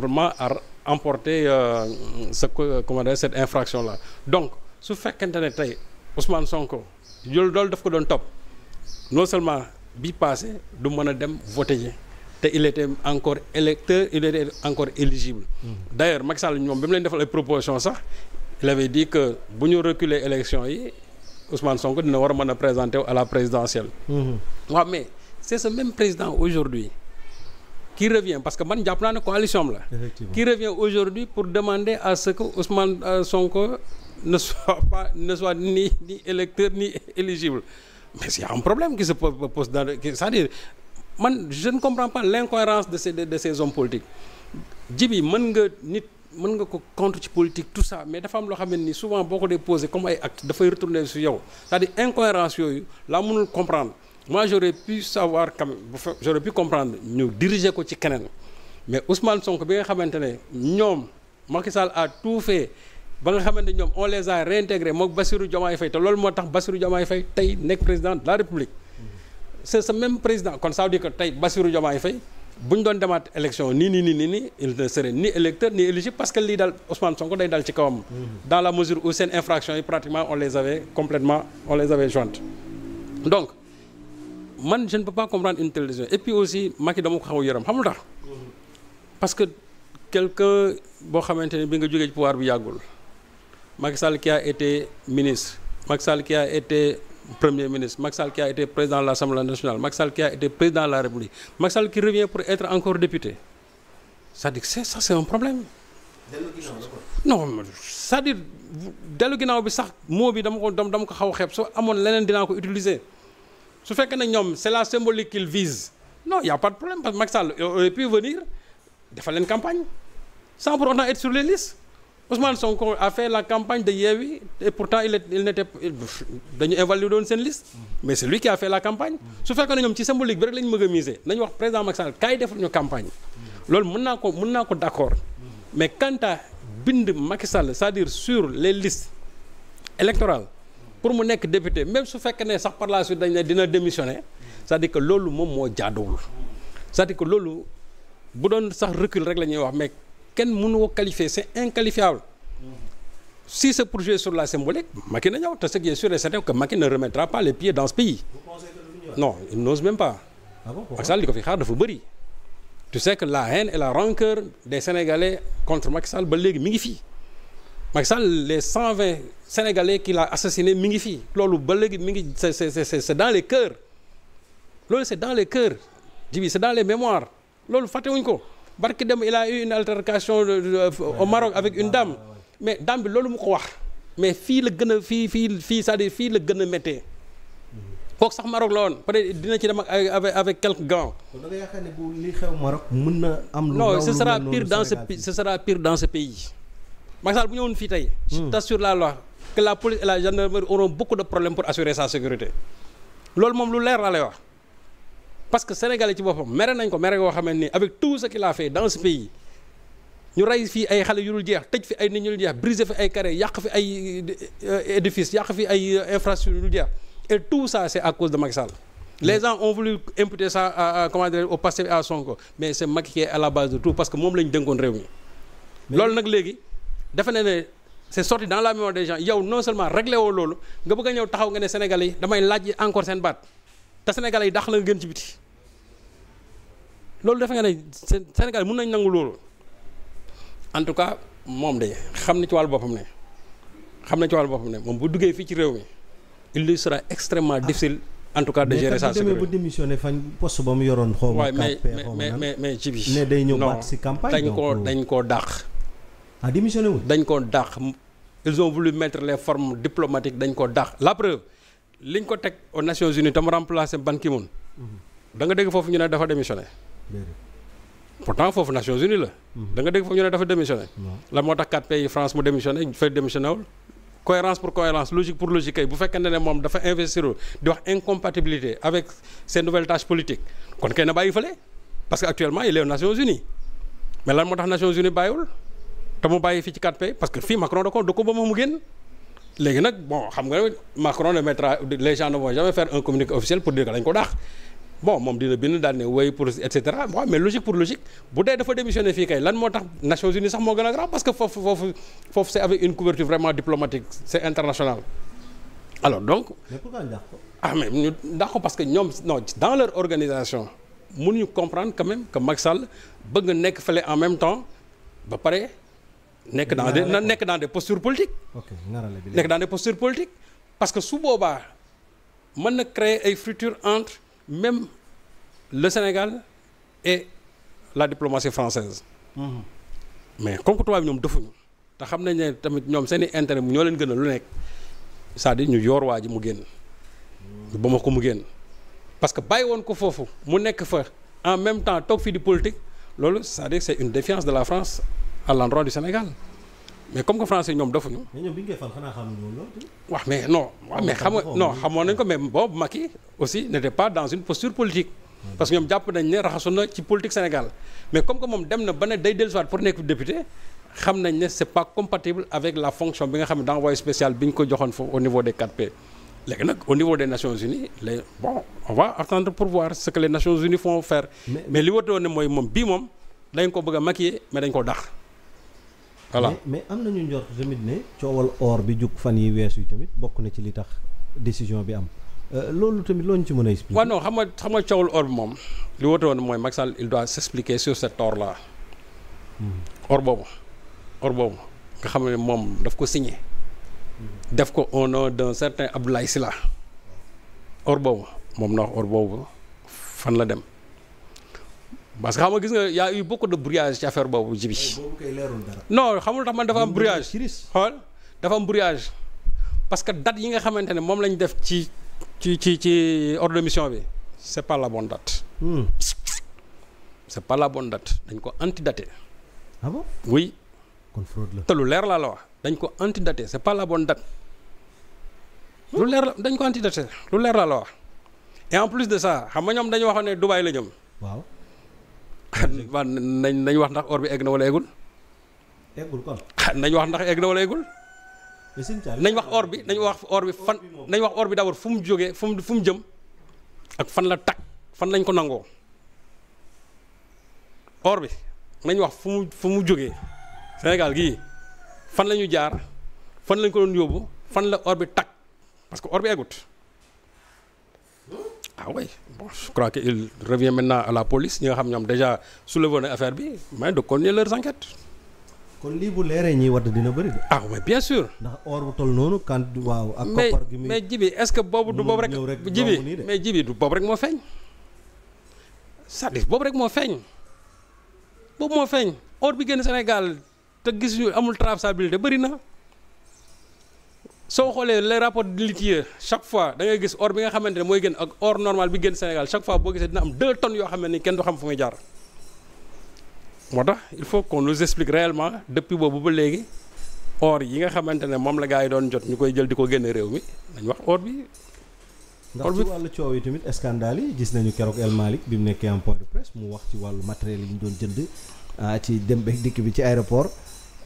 complètement à emporter euh, ce comment dire cette infraction là donc su fekkente ne tey Ousmane Sonko jël loolu daf ko doon topp non seulement bi passé du mën a dem voter ji te il était encore électeur il était encore éligible mm-hmm. d' ailleurs Macky Sall ñoom bi mu leen defal ay proposition sax il avait dit que bu ñu reculer élection yi Ousmane Sonko dina war a mën a présenter à la présidentielle mm-hmm. waaw mais c' est même président aujourd'hui qui revient parce que man jàpp naa ne coalition am la. effectivement qui revient aujourd'hui pour demander à ce que Ousmane euh, Sonko ne soit pas ne soit ni ni électeur ni éligible mais il y a un problème qui se man je ne comprends pas l'incohérence de ces de, de ces hommes politiques jibi mën nga nit man nga ko contre ci politique tout ça mais dafa am loo xam ne ni souvent boo ko déposé comme ay acte dafay retourner su yow cest dire incohérence yooyu laa mënul comprendre moi j'aurais pu savoir quand bu fa j'aurais pu comprendre ñu diriger ko ci keneen mais Ousmane Sonko bi nga xamante ne ñoom Macky Sall a tout fait ba nga xamante ñoom on les a réintégrés mook Bassirou Diomaye Faye te loolu moo tax Bassirou Diomaye Faye tey nekk président de la République c'est ce même président kon sa veut dire que tey Bassirou Diomaye Faye bu ñu doon demaat élection ni nii nii nii ni électeur ni éligible parce que lii daal Ousmane Sonko day dal ci kawam. dans la mesure où seen infraction yi pratiquement on les on donc. man je ne peux pas comprendre une telle décision et puis aussi Macky dama ko xaw yaram xam nga tax parce que quelqu'un boo xamante ne bi nga jógee ci pouvoir bi yàggul Macky Sall qui a été ministre Macky Sall qui a été premier ministre Macky Sall qui a été président de l'Assemblée nationale Macky Sall qui a été président la République Macky Sall qui revient pour être encore député c'est-à-dire c'est ça c'est un problème cest dire dellu ginnaaw bi sax moo bi dama ko dama ko xaw a xeeb soo amoon leneen ko utiliser su fekkee ne ñoom c'est la symbolique qu'ils visent non y a pas de problème parce que Macky Sall venir defal leen campagne sans pour autant être sur les listes Ousmane Sonko a fait la campagne de Yewwi et pourtant il est il n'était dañu évaluer doon seen liste mais c'est lui qui a fait la campagne su fekkee ne ñoom ci symbolique bi rek la ñu mën a miser nañu wax président Macky Sall kaay ñu campagne loolu mun naa ko mën naa ko d'accord mais quant à bind Macky Sall c'est-à-dire les listes électorales pour mu nekk député même su fekkee ne sax par la suite dañ ne dina démissionner c'est-à-dire que loolu moom moo jaaduwul c'est-à-dire que loolu bu doon sax recul rek lañuy wax mais kenn mënu ko qualifier c'est inqualifiable si ce projet sur la symbolique Macky na ñëw te ce qui est sûr et certain que Macky ne remettra pas les pieds dans ce pays non il n'ose même pas ah Macky Sall ko fi xaar dafa bëri tu sais que la haine et la rancœur des Sénégalais contre Macky Sall ba léegi mi ngi fii Macky Sall les cent vingt sénégalais kila a assassiné mi ngi fii loolu ba léegi mi ngi c'est c'est c'est dans les cœurs loolu c'est dans les cœurs ji bi c'est dans les mémoires loolu fàttewuñ ko barki dem il a eu une altercation au Maroc avec une dame mais dame bi loolu mu ko wax mais fii la gën a fii fii fii cest à fii la gën a méttee kooku sax Maroc la woon peut dina ci dem ak avec quelques gants. kon da nga yaakaar ne bu na am. lu non ce sera pire dans ce ce sera dans ce pays. Macky bu bu ñëwoon fii tey. je hmm. t'assure la loi que la police et la gendarmerie auront beaucoup de problèmes pour assurer sa sécurité. loolu moom lu leer laa lay wax parce que sénégalais ci boppam mere nañ ko mere goo xamante ni avec tout ce qu'il a fait dans ce pays ñu rey fii ay xale yu dul jeex tëj fi ay nit ñu dul jeex briser fi ay carré yàq fi ay euh, édifice yàq fi ay euh, infrastructure yu dul jeex et tout ça c'est à cause de Macky Sall. Hmm. les gens ont voulu imputer ça à, à comment dire à Sonko mais c'est Macky qui est à que moom la ñu dénkoon réew loolu nag léegi. dafa ne ne c'est sorti dans la mémoire des gens yow non seulement réglé woo loolu nga bëgg a ñëw taxaw nga ne Sénégalais yi damay laaj encore seen baat te Sénégalais yi dax la nga gën ci biti loolu defe nga ne Sénégal mun nañ nangu loolu en tout cas moom de xam na ci wàllu boppam ne xam na ci wàllu boppam ne moom bu duggee fii ci réew mi il lui sera extrêmement ah. difficile en tout cas de gérer ça mais bu démissionné fan poste ba mu yoroon. xaw ma mais mais mais day ñëw baat si campagne dañ koo dañ koo dàq. ah démissionné wul dañ ko dàq ils on voulu mettre les formes diplomatiques dañ ko dàq la preuve liñ ko teg aux Nations Unies tam remplacé Ban Ki-moon mhm. da nga dégg foofu ñu ne dafa démissionné pourtant foofu Nations Unies la mhm. da nga dégg foofu ñu ne dafa démissionné la moo tax quatre pays France mu démissionné fay démissionné wul cohérence pour cohérence logique pour logique kay bu fekkee ne moom dafa investir di wax incompatibilité avec ses nouvelles tâches politiques kon kay bàyyi fële parce que actuellement il est aux mais lan moo tax Nations Unies bàyyiwul te mu bàyyi fii ci 4P parce que fii Macron da ko da ko ba mu génn léegi nag bon xam nga Macron ne mettra les gens ne vont jamais faire un communiqué officiel pour dire que lañ ko daax bon moom dina bind daal ne wéy pour et waaw mais logique pour logique bu dee dafa démissionné fii kay lan moo tax Nations Unies sax moo gën a grave parce que foofu foofu foofu c'est avec une couverture vraiment diplomatique c'est international alors donc. mais pourquoi ñu dàq ah, mais ñu dàq parce que ñoom non dans leur organisation mënuñu comprendre quand même que Macky Sall bëgg nekk fële en même temps ba pare. nekk dans des nekk dans des postures politiques. nekk dans des postures politiques. parce que su boobaa mën na créer ay fracture entre même le Sénégal et la diplomatie française mmh. mais comme que tubaab ñoom defuñu te xam nañ ne tamit ñoom seen i intérêt ñoo leen gën a lu nekk cest à ñu yoor waa ji mu génn. Mhm. ba ma ko mu génn. parce que bàyyi woon ko foofu mu nekk fa en même temps toog fii di politique loolu cest à c'est une défiance de la France. à l'endroit du Sénégal mais comme que français ñoom defuñu. mais ñoom bi ñu koy fal xanaa xamuñu loolu. wax mais non. waaw mais xam nga non nañ ko mais boobu Macky aussi n'était pas dans une posture politique. parce que ñoom jàpp nañ ne raxasu na ci politique Sénégal mais comme que moom dem na ba ne day dellusiwaat pour nekk député xam nañ ne c'est pas compatible avec la fonction bi nga xam ne d'envoyé spécial bi ñu ko joxoon foofu au niveau des 4P. léegi nag au niveau des Nations Unies pour voir ce que les Nations Unies li woote mooy moom bii moom dañ ko bëgg a maquiller mais dañ ko dax voilà mais am nañu njort tamit ne coowal or bi jug fan yi weesu yi tamit bokk na ci li tax décision bi am euh, loolu tamit loo ñu ci mën a expliquer. waaw non xam nga xam nga coowal or bi moom li wote woon mooy Macky Sall il doit s'expliquer sur cet or hmm. or boobu or boobu nga xam ne moom daf ko signé. Hmm. def ko au nom d'un certain Abdoulaye Sylla or boobu moom na wax boobu fan la dem. parce que xam nga gis nga y' a eu beaucoup de brouillage ci affaire boobu ji bi. non xamul tax man dafa am brouillage. xool dafa am brouillage. parce que date yi nga xamante ne moom lañ def ci ci ci ci ordre de mission bi c' est pas la bonne dat Hmm. pas la bonne date dañ ko antidaté. ah bon lu leer laa la wax dañ ko antidaté c' est lu leer la dañ ko antidaté lu leer laa la wax. en plus de ça xam nga ñoom dañu wax ne Dubaï la ñoom. waaw. waaw nañ nañ wax ndax or bi egg na wala eggul. nañ wax ndax egg na wala eggul. nañ wax or bi nañ wax or bi fan nañ wax or bi d'abord fu mu jógee fu mu fu mu jëm ak fan la tag fan lañ ko nangoo or bi nañ wax fu mu fu mu jógee Sénégal gii fan la ñu jaar fan lañ ko doon yóbbu fan la or bi tag parce que or bi eggut. ah oui bon je crois que il revient maintenant à la police ñi xam ñoom déjà soulevé na affaire bi mais de continuer leurs enquêtes. kon lii bu leeree ñiy wadd dina bëri de. ah mais bien sûr. ndax or bu toll noonu quand waaw. ak koppar gi muy mais jibi est-ce que boobu du boobu rek. jibi mais jibi du boobu rek moo feeñ. cest à boobu rek moo feeñ. boobu moo feeñ or bi génn Sénégal te gis ñu amul traçabilité bëri na. soo xoolee les rapports litigieux chaque fois dangay ngay gis or bi nga xamante ne mooy gën ak or normal bi gën Sénégal chaque fois boo gisee dina am deux tonnes yoo xam ne ni kenn du xam fu muy jaar moo tax il faut qu'on nous explique réellement depuis boobu ba léegi or yi nga xamante ne moom la gars yi doon jot ñu koy jël di ko réew mi dañ wax or bi ndax ci wàllu coow yi tamit scandale yi gis nañu keroog El Malick bi mu nekkee en point de presse mu wax ci wàllu matériel yi ñu doon jënd ah, ci dem beeg dikk bi ci aéroport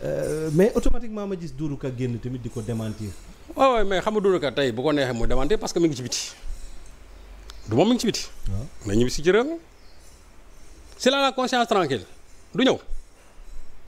Euh, mais automatiquement ma gis Doudou Ka génn tamit di ko démentir. waaw waaw mais xam nga Ka tey bu ko neexee mu démentir parce que mi ngi ci biti du moom mi ngi ci biti. waaw ah. mais ñu ngi si jërëm. s'il a la conscience tranquille du ñëw.